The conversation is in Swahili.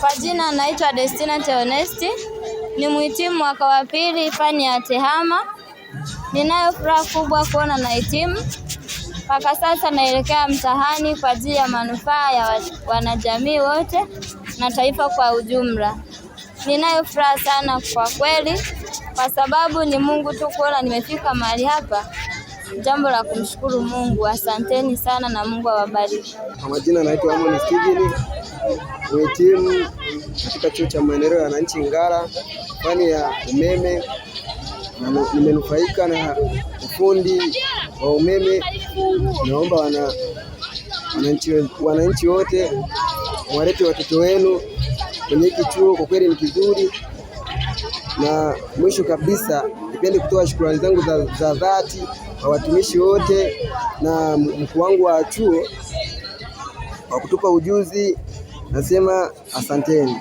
Kwa jina naitwa Destina Theonesti, ni mhitimu mwaka wa pili fani ya TEHAMA. Ninayo furaha kubwa kuona nahitimu. Mpaka sasa naelekea mtahani kwa ajili ya manufaa ya wanajamii wote na taifa kwa ujumla. Ninayo furaha sana kwa kweli, kwa sababu ni Mungu tu kuona nimefika mahali hapa, jambo la kumshukuru Mungu. Asanteni sana na Mungu awabariki. Kwa majina naitwa Amon kuhitimu katika chuo cha maendeleo ya wananchi Ngara, fani ya umeme. Nimenufaika na ufundi wa umeme. Naomba wana wananchi wote mwalete watoto wenu kwenye hiki chuo, kwa kweli ni kizuri. Na mwisho kabisa, nipende kutoa shukrani zangu za, za dhati kwa watumishi wote na mkuu wangu wa chuo kwa kutupa ujuzi Nasema asanteni.